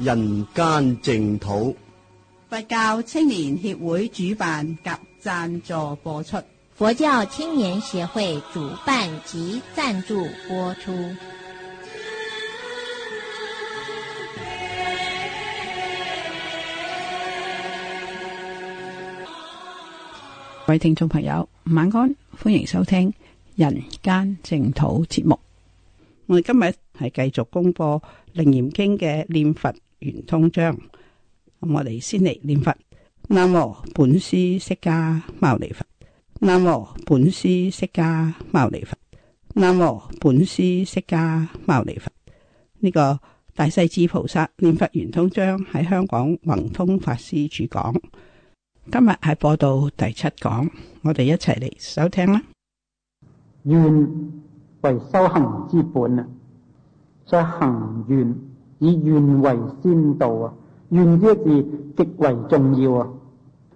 人間淨土，佛教青年協會主辦及贊助播出。佛教青年協會主辦及贊助播出。各位聽眾朋友，晚安，歡迎收聽人間淨土節目。我哋今日係繼續公布《楞嚴經》嘅念佛。圓通章，咁我哋先嚟念佛，南無本師釋迦牟尼佛，南無本師釋迦牟尼佛，南無本師釋迦牟尼佛，呢、這個大勢至菩薩念佛圓通章喺香港宏通法師主講，今日係播到第七講，我哋一齊嚟收聽啦。願為修行之本啊！在行願。以願為先導啊！願之一字極為重要啊！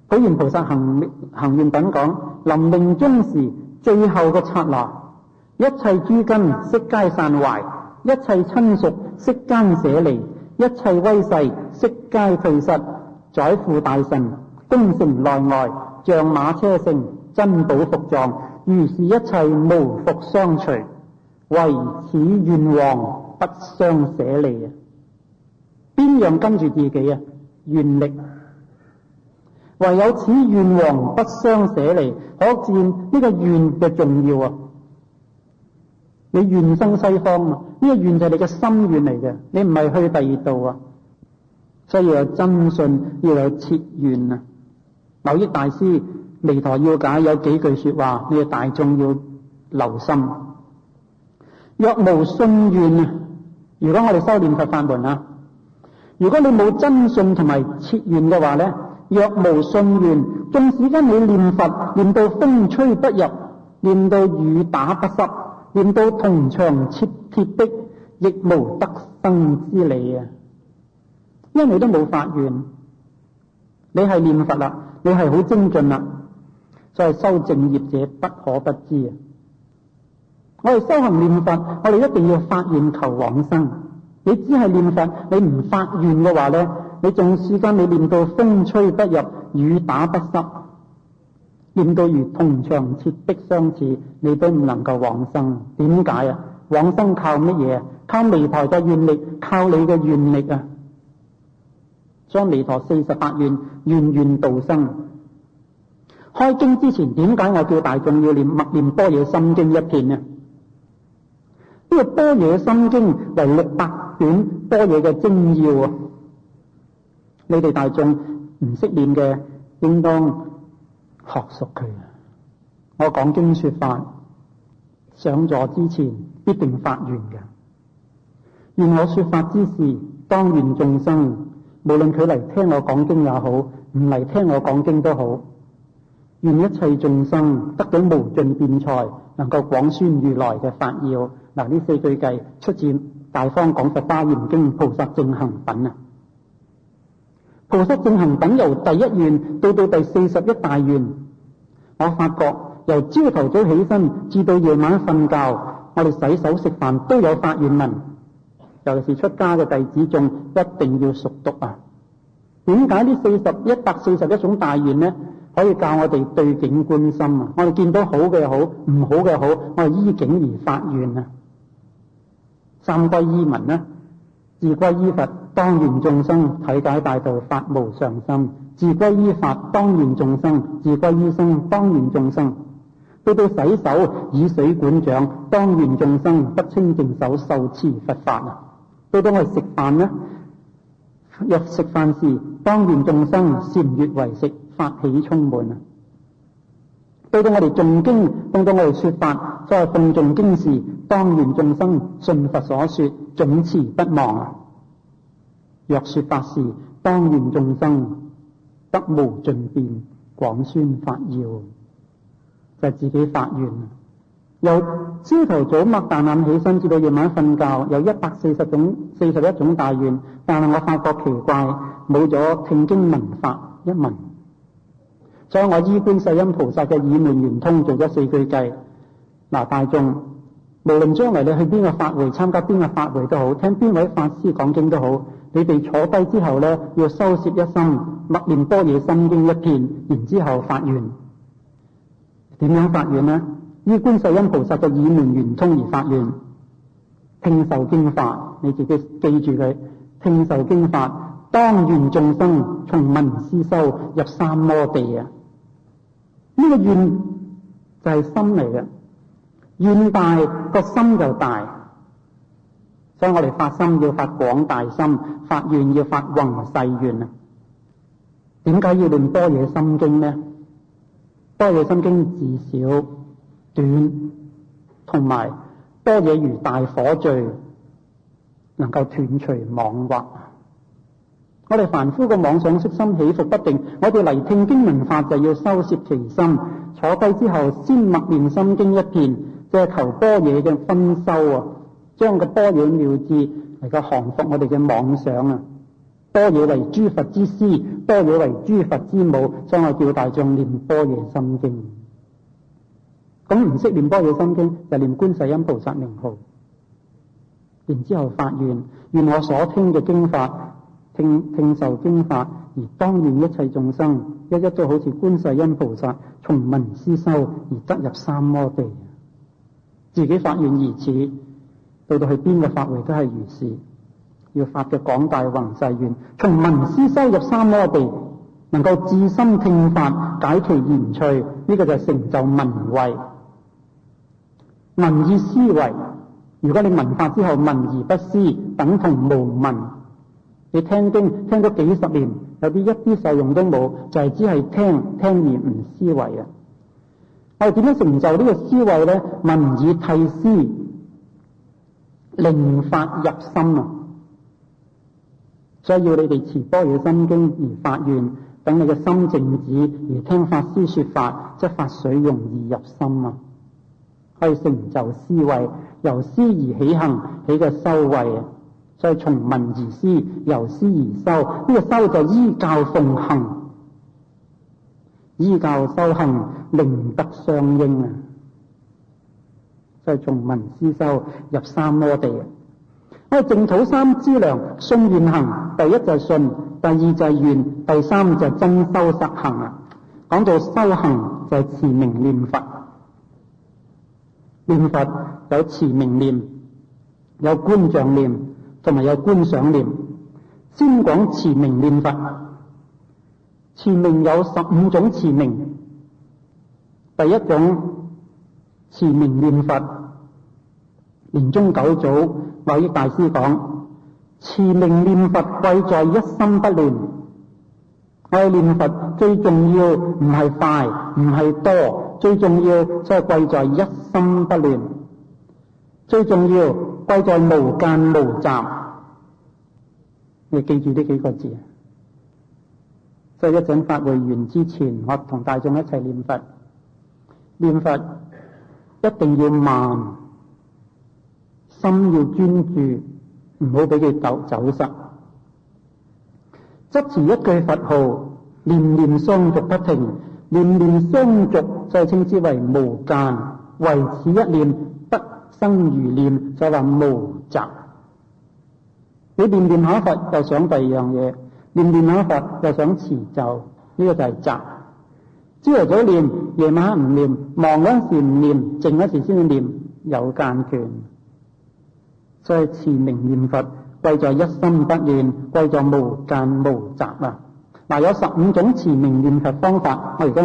普賢菩薩行行願品講臨命終時最後個剎那：一切諸根悉皆散壞，一切親屬悉皆捨離，一切威勢悉皆退失，宰父大臣功成內外，象馬車乘珍寶伏藏，如是一切無復相隨，為此願王不相捨離啊！邊樣跟住自己啊？願力，唯有此願王不相捨離，可見呢個願嘅重要啊！你願生西方嘛、啊？呢、呢個願就係你嘅心願嚟嘅，你唔係去第二度啊！所以要有真信，要有切願啊！蕅益大師彌陀要解有幾句說話，要大眾要留心。若無信願啊，如果我哋修煉佛法門啊～如果你冇真信同埋切願嘅話咧，若無信願，縱使因你念佛念到風吹不入，念到雨打不濕，念到銅牆切鐵壁，亦無得生之理啊！因為你都冇發願，你係念佛啦，你係好精進啦，所以修正業者不可不知啊！我哋修行念佛，我哋一定要發願求往生。你只係念佛，你唔發願嘅話咧，你仲試翻你念到風吹不入，雨打不濕，念到如銅牆鐵壁相似，你都唔能夠往生。點解啊？往生靠乜嘢啊？靠彌陀嘅願力，靠你嘅願力啊！將彌陀四十八願，願願度生。開經之前，點解我叫大眾要念，默念《般若心經》一篇呢？呢個《般若心經》為六百。多嘢嘅精要啊！你哋大眾唔識念嘅，應當學熟佢。我講經說法，上座之前必定發願嘅。願我說法之時，當願眾生，無論佢嚟聽我講經也好，唔嚟聽我講經都好，願一切眾生得到無盡辯才，能夠廣宣如來嘅法要。嗱，呢四句偈出自。大方講《佛華嚴經》菩薩正行品啊！菩薩正行品由第一願到到第四十一大願，我發覺由朝頭早起身至到夜晚瞓覺，我哋洗手食飯都有發願文。尤其是出家嘅弟子眾，一定要熟讀啊！點解呢四十一,一百四十一種大願呢？可以教我哋對境觀心啊！我哋見到好嘅好，唔好嘅好，的好的，我哋依境而發願啊！三歸依文咧，自歸依佛，當願眾生，體解大道，發無上心；自歸依法，當願眾生；自歸依僧，當願眾生。到到洗手以水管掌，當願眾生，得清淨手，受持佛法啊！到到去食飯呢，若食飯時，當願眾生，禪悅為食，發起充滿啊！到到我哋誦經，到到我哋說法，諷誦經時，當願眾生信佛所說，總持不忘；若說法時，當願眾生得無盡辯廣宣法要，就係、是、自己發願。由朝頭早擘大眼起身，至到夜晚瞓覺，有一百四十種、四十一種大願。但係我發覺奇怪，冇咗聽經聞法一文。所以我依觀世音菩薩嘅耳門圓通做咗四句偈。嗱，大眾，無論將來你去邊個法會參加邊個法會都好，聽邊位法師講經都好，你哋坐低之後咧，要收攝一心，默念多嘢，心經一遍，然之後發願。點樣發願呢？依觀世音菩薩嘅耳門圓通而發願，聽受經法，你自己記住佢。聽受經法，當願眾生從聞思修入三摩地啊！呢個願就係心嚟嘅，願大個心就大，所以我哋發心要發廣大心，發願要發宏誓願。啊！點解要念多嘢心經咧？多嘢心經字少短，同埋多嘢如大火聚，能夠斷除妄惑。我哋凡夫嘅妄想悉心起伏不定，我哋嚟聽經聞法就要收攝其心，坐低之後先默念心經一遍，借求般若嘅分修啊，將個般若妙智嚟個降伏我哋嘅妄想啊，般若為諸佛之師，般若為諸佛之母，將我叫大眾念般若心經。咁唔識念般若心經，就念觀世音菩薩名號，然之後發願，願我所聽嘅經法。聽聽受經法，而當年一切眾生，一一都好似觀世音菩薩從聞思修而得入三摩地，自己發願而此，到到去邊個法會都係如是，要發嘅廣大宏誓願，從聞思修入三摩地，能夠自心聽法，解其言趣，呢、這個就成就聞慧，聞意思慧。如果你聞法之後聞而不思，等同無聞。你聽經聽咗幾十年，有啲一啲受用都冇，就係、是、只係聽聽而唔思維啊！我哋點樣成就呢個思維咧？文以替師，令法入心啊！所以要你哋持多嘢，心經而發願，等你嘅心靜止而聽法師說法，則法水容易入心啊！係成就思維，由思而起行，起個修慧啊！再從聞而思，由思而修，呢、這個修就依教奉行，依教修行，靈得相應啊！就係從聞思修入三摩地嘅。我哋淨土三資糧，信願行，第一就係信，第二就係願，第三就真修實行啊！講到修行就是、持名念佛，念佛有持名念，有觀像念。同埋有觀想念，先講持名念佛。持名有十五種持名，第一種持名念佛。年中九祖，某位大師講：持名念佛貴在一心不亂。愛念佛最重要，唔係快，唔係多，最重要即係貴在一心不亂。最重要。在無間無雜，你記住呢幾個字。即係一陣法會完之前，我同大眾一齊念佛，念佛一定要慢，心要專注，唔好俾佢走走失。執持一句佛號，念念相續不停，念念相續，就稱之為無間。為此一念，生如念，就話無雜。你念念下佛，又想第二樣嘢；念念下佛，又想持咒。呢個就係雜。朝頭早念，夜晚黑唔念，忙嗰時唔念，靜嗰時先去念，有間斷。所以慈名念佛，貴在一心不念，貴在無間無雜啊！嗱，有十五種慈名念佛方法，我而家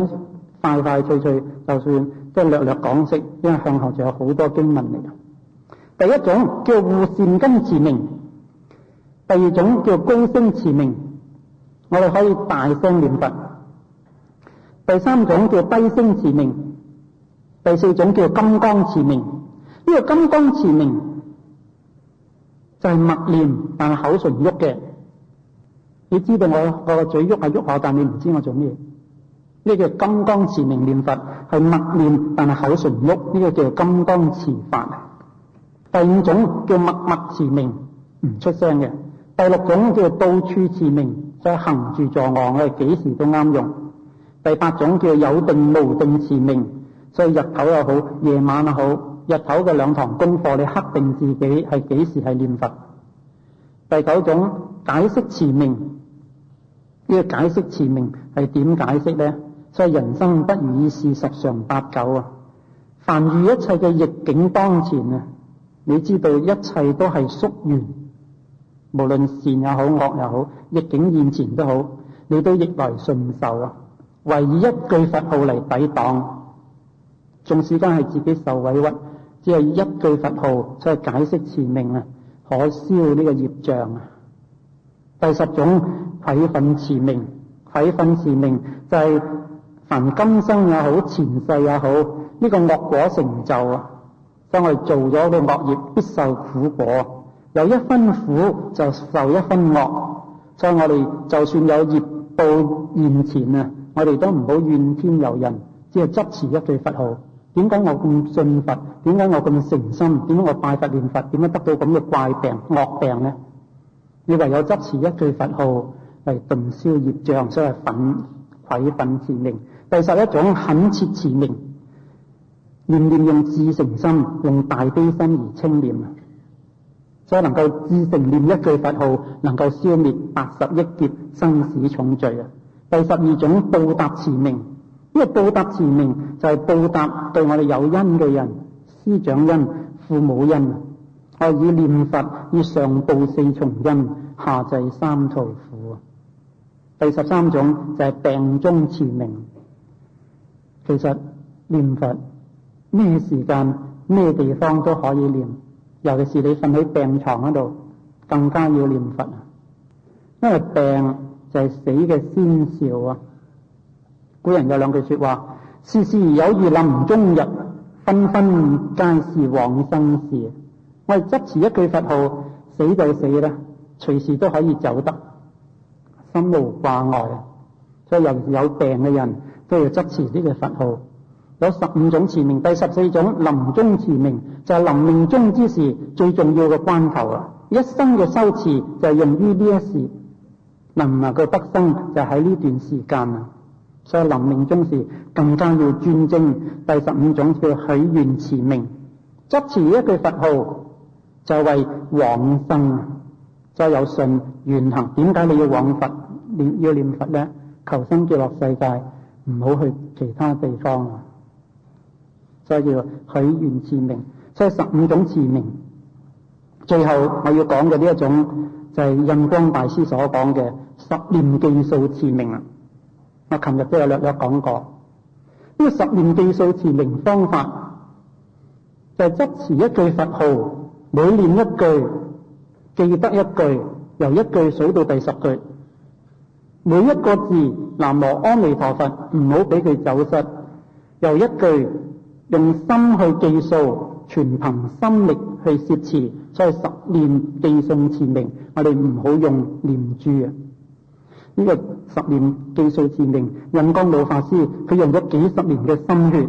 快快脆脆，就算。即略略講識，因為向後仲有好多經文嚟嘅。第一種叫護善金持名，第二種叫高聲持名，我哋可以大聲念佛。第三種叫低聲持名，第四種叫金剛持名。呢、這個金剛持名就係默念，但係口唇喐嘅。你知道我個嘴喐係喐下，但你唔知我做咩。呢個叫金剛持名念佛係默念，但係口唇喐，呢個叫做金剛持法。第五種叫默默持名，唔出聲嘅。第六種叫到處持名，所以行住坐臥，我哋幾時都啱用。第八種叫有定無定持名，所以日頭又好，夜晚又好，日頭嘅兩堂功課，你確定自己係幾時係念佛。第九種解釋持名，呢個解釋持名係點解釋呢？所以人生不如意事十常八九啊！凡遇一切嘅逆境當前啊，你知道一切都係宿緣，無論善也好，惡也好，逆境現前都好，你都逆來順受啊！唯以一句佛號嚟抵擋，縱使間係自己受委屈，只係一句佛號出去、就是、解釋前命啊，可消呢個業障啊！第十種體分持名，體分持名就係、是。凡今生也好，前世也好，呢個惡果成就啊！所以我哋做咗個惡業必受苦果，有一分苦就受一分惡。所以我哋就算有業報現前啊，我哋都唔好怨天尤人，只係執持一句佛號。點解我咁信佛？點解我咁誠心？點解我拜佛念佛？點解得到咁嘅怪病惡病呢？你唯有執持一句佛號嚟頓消業障，所以係粉毀粉自第十一種懇切慈念，念念用至誠心，用大悲心而清念啊，所以能夠至誠念一句佛號，能夠消滅八十億劫生死重罪啊。第十二種報答慈念，因為報答慈念就係、是、報答對我哋有恩嘅人，師長恩、父母恩啊，我以念佛以上報四重恩，下濟三途苦啊。第十三種就係、是、病中慈念。其實念佛咩時間咩地方都可以念，尤其是你瞓喺病床嗰度，更加要念佛，因為病就係死嘅先兆啊！古人有兩句說話：事事有如臨終日，紛紛皆是往生時。」我哋執持一句佛號，死就死啦，隨時都可以走得，心無掛礙啊！所以尤其是有病嘅人。都要執持呢個佛號，有十五種持名。第十四種臨終持名，就係、是、臨命終之時最重要嘅關頭啦。一生嘅修持就係用於呢一件事，能唔能夠得生就喺呢段時間啦。所以臨命終時更加要專精。第十五種叫許願持名，執持一句佛號就為往生。再有信願行，點解你要往佛念要念佛呢？求生極樂世界。唔好去其他地方啦，所以叫許願持名，即係十五種持名。最後我要講嘅呢一種就係印光大師所講嘅十念計數持名啦。我琴日都有略略講過，呢個十念計數持名方法就係執持一句佛號，每念一句，記得一句，由一句數到第十句。每一個字，南無阿彌陀佛，唔好俾佢走失。又一句，用心去記數，全憑心力去攝持。所以十念記數持名，我哋唔好用念珠啊。呢個十念記數持名，印光老法師佢用咗幾十年嘅心血。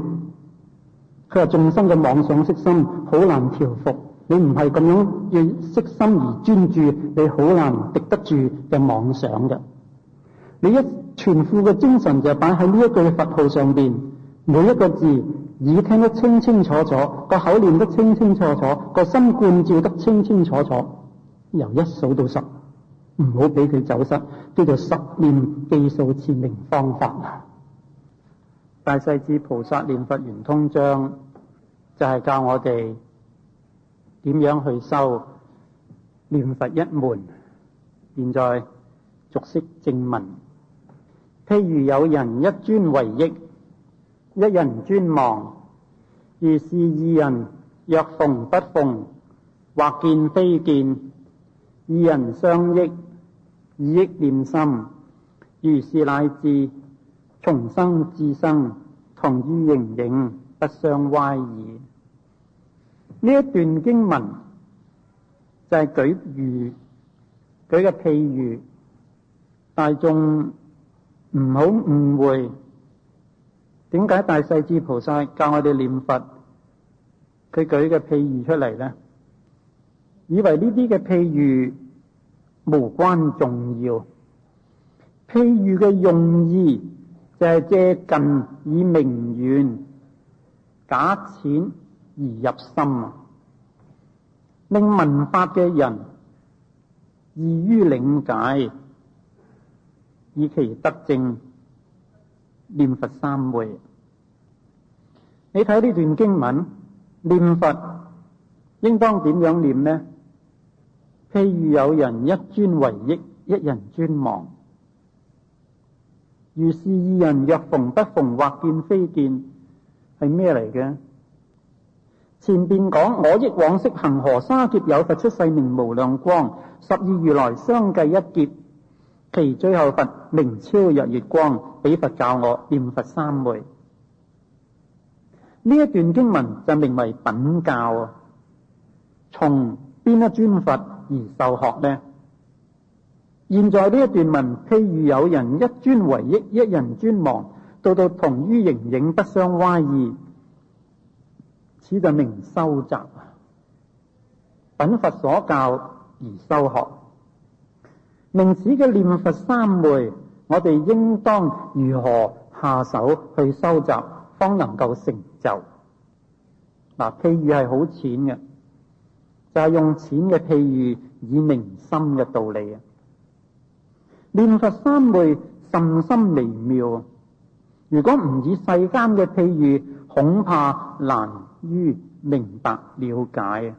佢話：眾生嘅妄想識心好難調伏，你唔係咁樣要識心而專注，你好難敵得住嘅妄想嘅。你一全副嘅精神就擺喺呢一句佛號上邊，每一個字已聽得清清楚楚，個口念得清清楚楚，個心觀照得清清楚楚。由一數到十，唔好俾佢走失，叫做十念計數禪定方法。大勢至菩薩念佛法圓通章就係、是、教我哋點樣去修念佛一門。現在逐釋正文。譬如有人一專為憶，一人專忘；如是二人，若逢不逢，或見非見，二人相憶，二憶念深。如是乃至從生至生，同於形影，不相乖異。呢一段經文就係舉喻，舉嘅譬喻，大眾。唔好誤會，點解大勢至菩薩教我哋念佛？佢舉嘅譬喻出嚟呢，以為呢啲嘅譬喻無關重要。譬喻嘅用意就係借近以明遠，假淺而入深，令聞法嘅人易於領解。以其得正念佛三昧，你睇呢段經文，念佛應當點樣念呢？譬如有人一專為憶，一人專忘；如是二人，若逢不逢，或見非見，係咩嚟嘅？前邊講我憶往昔恒河沙劫，有佛出世，名無量光，十二如來相繼一劫。其最後佛名超日月光，彼佛教我念佛三昧。呢一段經文就名為稟教啊。從邊一尊佛而受學呢？現在呢一段文譬如有人一專為憶，一人專忘，到到同於形影不相乖異。此就名修集啊，稟佛所教而修學。明史嘅念佛三昧，我哋應當如何下手去收集，方能夠成就？嗱，譬喻係好淺嘅，就係、是、用淺嘅譬喻以明深嘅道理啊！念佛三昧甚深微妙，如果唔以世間嘅譬喻，恐怕難於明白了解啊！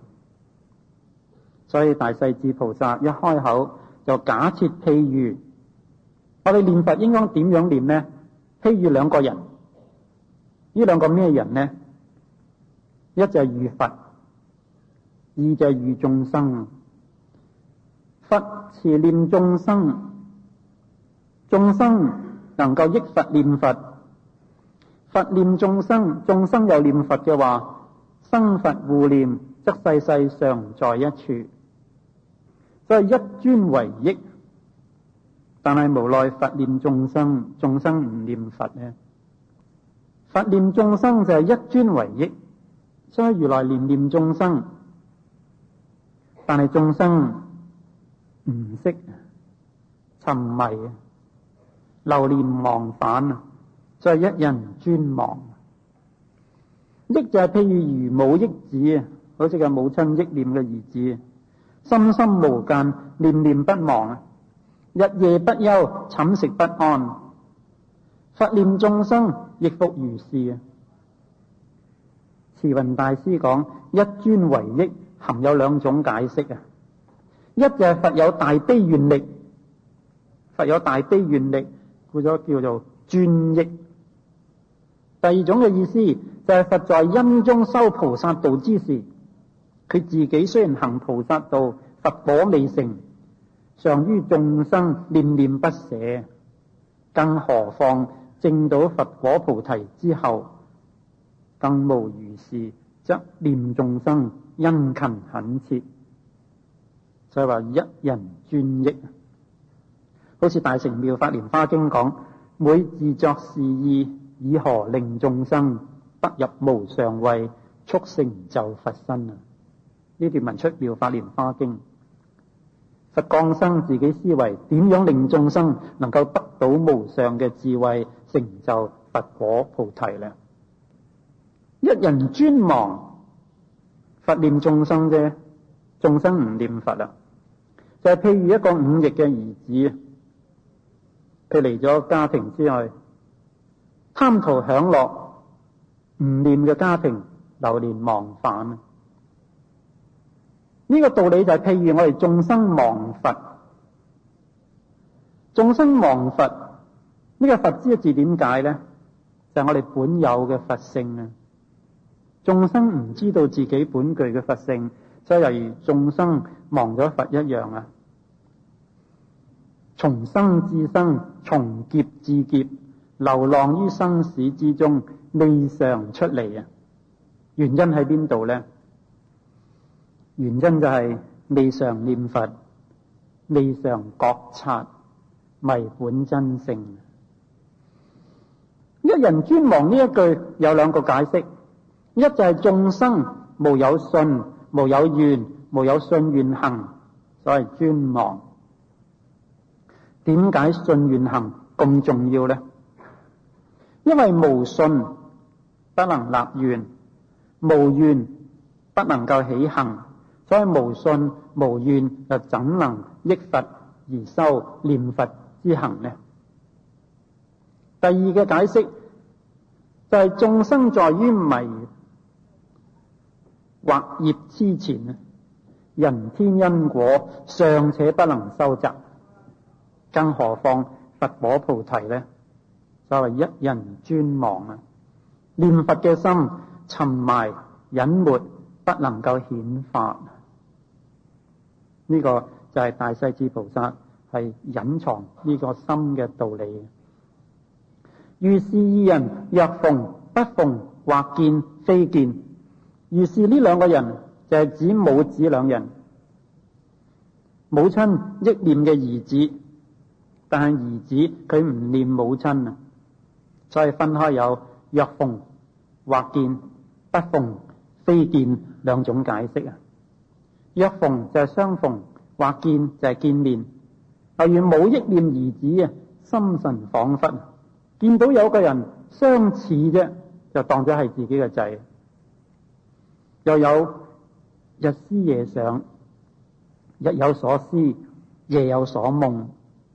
所以大勢至菩薩一開口。就假設譬如，我哋念佛應該點樣念呢？譬如兩個人，呢兩個咩人呢？一就係如佛，二就係如眾生。佛慈念眾生，眾生能夠益佛念佛，佛念眾生，眾生又念佛嘅話，生佛互念，則世世常在一處。所以一專為憶，但係無奈佛念眾生，眾生唔念佛咧。佛念眾生就係一專為憶，所以如來念念眾生，但係眾生唔識沉迷、流連忘返啊！所以一人專忘，憶就係譬如如母憶子啊，好似個母親憶念嘅兒子。心心無間，念念不忘啊！日夜不休，寢食不安，佛念眾生亦復如是啊！慈雲大師講一專為益，含有兩種解釋啊！一就係佛有大悲願力，佛有大悲願力，故咗叫做專益。第二種嘅意思就係佛在因中修菩薩道之時。佢自己雖然行菩薩道，佛果未成，常於眾生念念不捨。更何況正到佛果菩提之後，更無如是，則念眾生，殷勤懇切。所以話一人專憶，好似《大乘妙法蓮花經》講：每自作事意，以何令眾生得入無上位，速成就佛身啊！呢段文出妙法蓮花經，佛降生自己思維，點樣令眾生能夠得到無上嘅智慧，成就佛果菩提呢？一人專忘，佛念眾生啫，眾生唔念佛啦。就係譬如一個五逆嘅兒子，佢離咗家庭之外，貪圖享樂，唔念嘅家庭，流連忘返。呢個道理就係譬如我哋眾生忘佛，眾生忘佛，呢個佛字一字點解咧？就係我哋本有嘅佛性啊！眾生唔知道自己本具嘅佛性，就係猶如眾生忘咗佛一樣啊！從生至生，從劫至劫，流浪於生死之中，未嘗出嚟啊！原因喺邊度咧？原因就係未常念佛，未常覺察，迷本真性。一人專忘呢一句有兩個解釋，一就係眾生無有信，無有願，無有信願行，所謂專忘。點解信願行咁重要呢？因為無信不能立願，無願不能夠起行。所以無信無願，又怎能益佛而修念佛之行呢？第二嘅解釋就係、是、眾生在於迷惑業之前啊，人天因果尚且不能修習，更何況佛果菩提呢？所謂一人專望，啊，念佛嘅心沉埋隱沒，不能夠顯化。」呢個就係大勢至菩薩係隱藏呢個心嘅道理。如是二人若逢不逢或見非見，如是呢兩個人就係、是、指母子兩人，母親憶念嘅兒子，但係兒子佢唔念母親啊，所以分開有若逢或見，或見不逢非見兩種解釋啊。若逢就係相逢，或見就係見面。例如冇憶念兒子啊，心神恍惚，見到有個人相似啫，就當咗係自己嘅仔。又有日思夜想，日有所思，夜有所夢，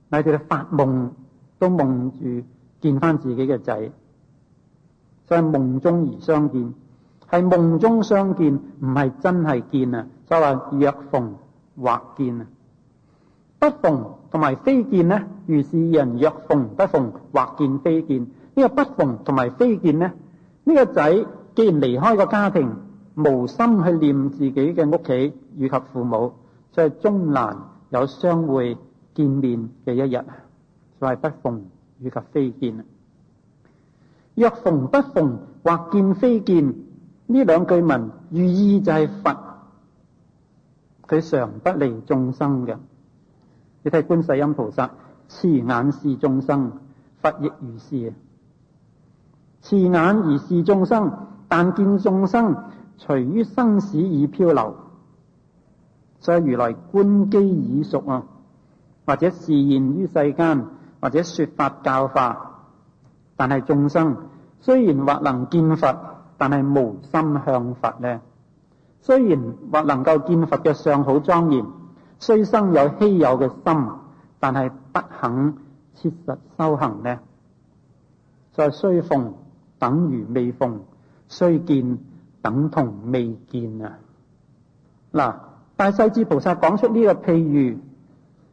乃至發夢都夢住見翻自己嘅仔，所以夢中而相見。係夢中相見，唔係真係見啊！所謂若逢或見啊，不逢同埋非見呢？如是人若逢不逢或見非見，呢個不逢同埋非見呢？呢個仔既然離開個家庭，無心去念自己嘅屋企以及父母，所以終難有相會見面嘅一日，所謂不逢以及非見啊！若逢不逢或見非見。呢兩句文寓意就係佛佢常不離眾生嘅。你睇觀世音菩薩，慈眼視眾生，佛亦如是啊。慈眼而視眾生，但見眾生隨於生死而漂流，所以如來觀機已熟啊。或者示現於世間，或者說法教化，但係眾生雖然或能見佛，但係無心向佛呢？雖然或能夠見佛嘅上好莊嚴，雖生有稀有嘅心，但係不肯切實修行呢？就係雖逢等於未逢，雖見等同未見啊！嗱，大勢至菩薩講出呢個譬喻，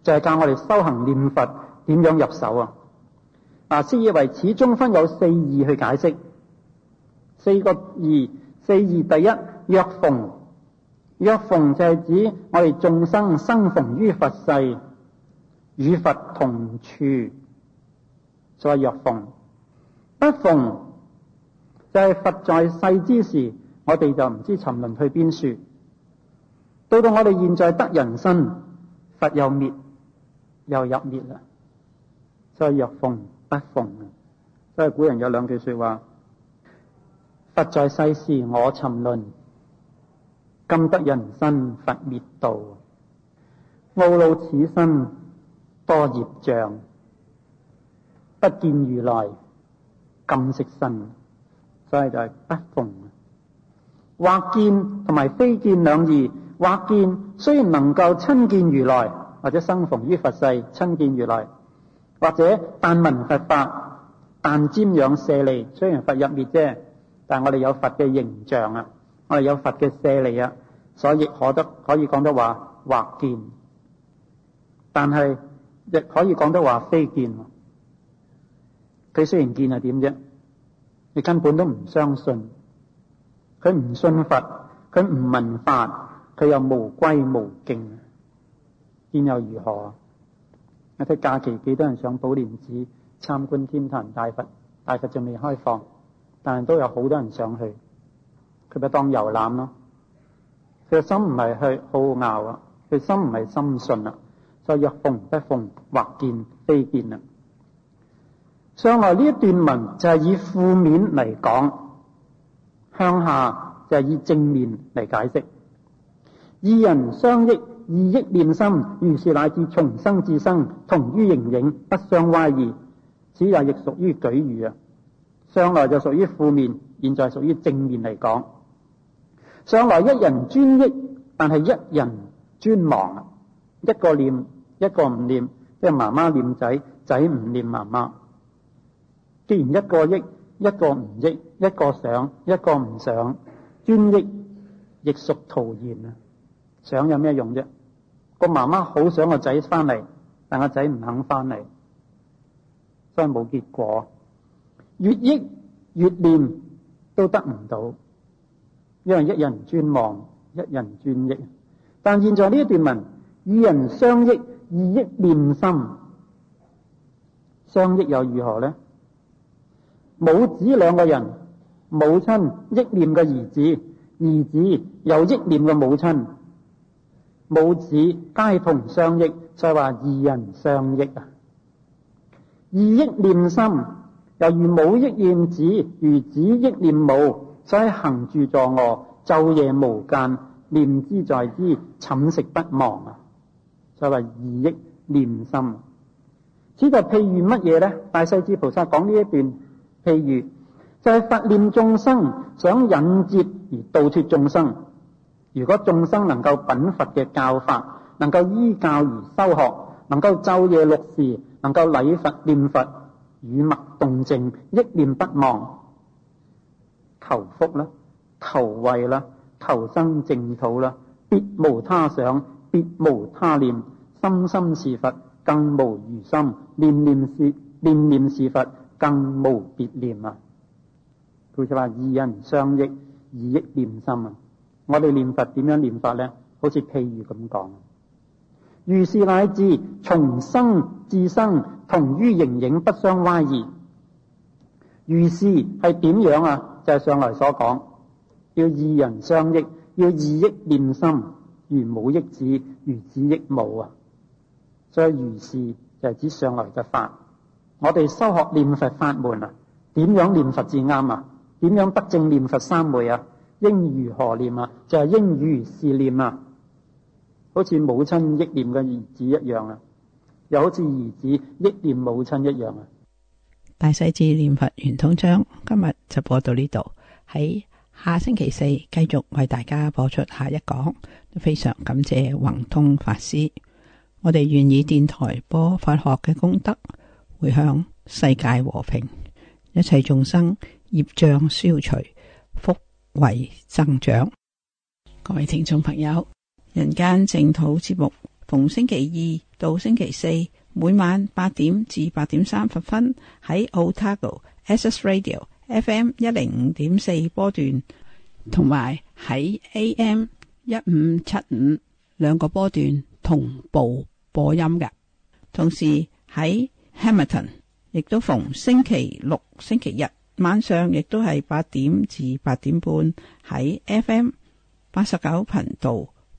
就係、是、教我哋修行念佛點樣入手啊！嗱，私以為始終分有四義去解釋。四個二，四二第一，若逢若逢就係指我哋眾生生逢於佛世，與佛同處，所以若逢；不逢就係、是、佛在世之時，我哋就唔知沉淪去邊處。到到我哋現在得人身，佛又滅，又入滅啦，就係若逢不逢。所以古人有兩句說話。佛在世時，我沉淪，今得人身，佛滅度，懊惱此身多業障，不見如來，金色身。所以就係不逢。或見同埋非見兩義，或見雖然能夠親見如來，或者生逢於佛世親見如來，或者但聞佛法，但瞻仰舍，舍利，雖然佛入滅啫。但係我哋有佛嘅形象啊，我哋有佛嘅舍利啊，所以可得可以講得話或見，但係亦可以講得話非見。佢雖然見係點啫？你根本都唔相信，佢唔信佛，佢唔聞法，佢又無歸無敬，見又如何？我睇假期幾多人上寶蓮寺參觀天壇大佛，大佛仲未開放。但係都有好多人上去，佢咪當遊覽咯？佢個心唔係去好拗啊，佢心唔係深信啊，所以若逢不逢，或見非見啊？上來呢一段文就係以負面嚟講，向下就係以正面嚟解釋。二人相憶，二憶念深，如是乃至從生至生，同於形影，不相乖異。此也亦屬於舉喻啊。上來就屬於負面，現在屬於正面嚟講。上來一人專益，但係一人專忘啊！一個念，一個唔念，即係媽媽念仔，仔唔念媽媽。既然一個益，一個唔益，一個想，一個唔想，專益亦屬徒然啊！想有咩用啫？個媽媽好想個仔翻嚟，但個仔唔肯翻嚟，所以冇結果。越憶越念都得唔到，因為一人專忘，一人專憶。但現在呢一段文，二人相憶，二憶念心，相憶又如何呢？母子兩個人，母親憶念嘅兒子，兒子又憶念嘅母親，母子皆同相憶，就係話二人相憶啊！二憶念心。就如母憶念子，如子憶念母，所以行住坐臥，晝夜無間，念之在之，寢食不忘啊！所謂話二憶念心，此就譬如乜嘢咧？大勢至菩薩講呢一段譬如就係、是、佛念眾生，想引接而道脫眾生。如果眾生能夠稟佛嘅教法，能夠依教而修學，能夠晝夜六時，能夠禮佛念佛。與物動靜，一念不忘，求福啦，求慧啦，求生淨土啦，別無他想，別無他念，心心是佛，更無餘心；念念是念念是佛，更無別念啊！佢就話二人相憶，以憶念心啊！我哋念佛點樣念法呢？好似譬如咁講。如是乃至從生至生，同於形影不相乖異。如是係點樣啊？就係、是、上嚟所講，要二人相憶，要二憶念心，如母憶子，如子憶母啊。所以如是就係指上嚟嘅法。我哋修學念佛法門啊，點樣念佛至啱啊？點樣得正念佛三昧啊？應如何念啊？就係、是、應如是念啊。好似母親憶念嘅兒子一樣啊，又好似兒子憶念母親一樣啊。大勢至念佛圓通章今日就播到呢度，喺下星期四繼續為大家播出下一講。非常感謝宏通法師，我哋願以電台播法學嘅功德，回向世界和平，一切眾生業障消除，福慧增長。各位聽眾朋友。人間淨土節目，逢星期二到星期四，每晚八點至八點三十分喺 Otago Access Radio F M 一零五點四波段，同埋喺 A M 一五七五兩個波段同步播音嘅。同時喺 Hamilton 亦都逢星期六、星期日晚上，亦都係八點至八點半喺 F M 八十九頻道。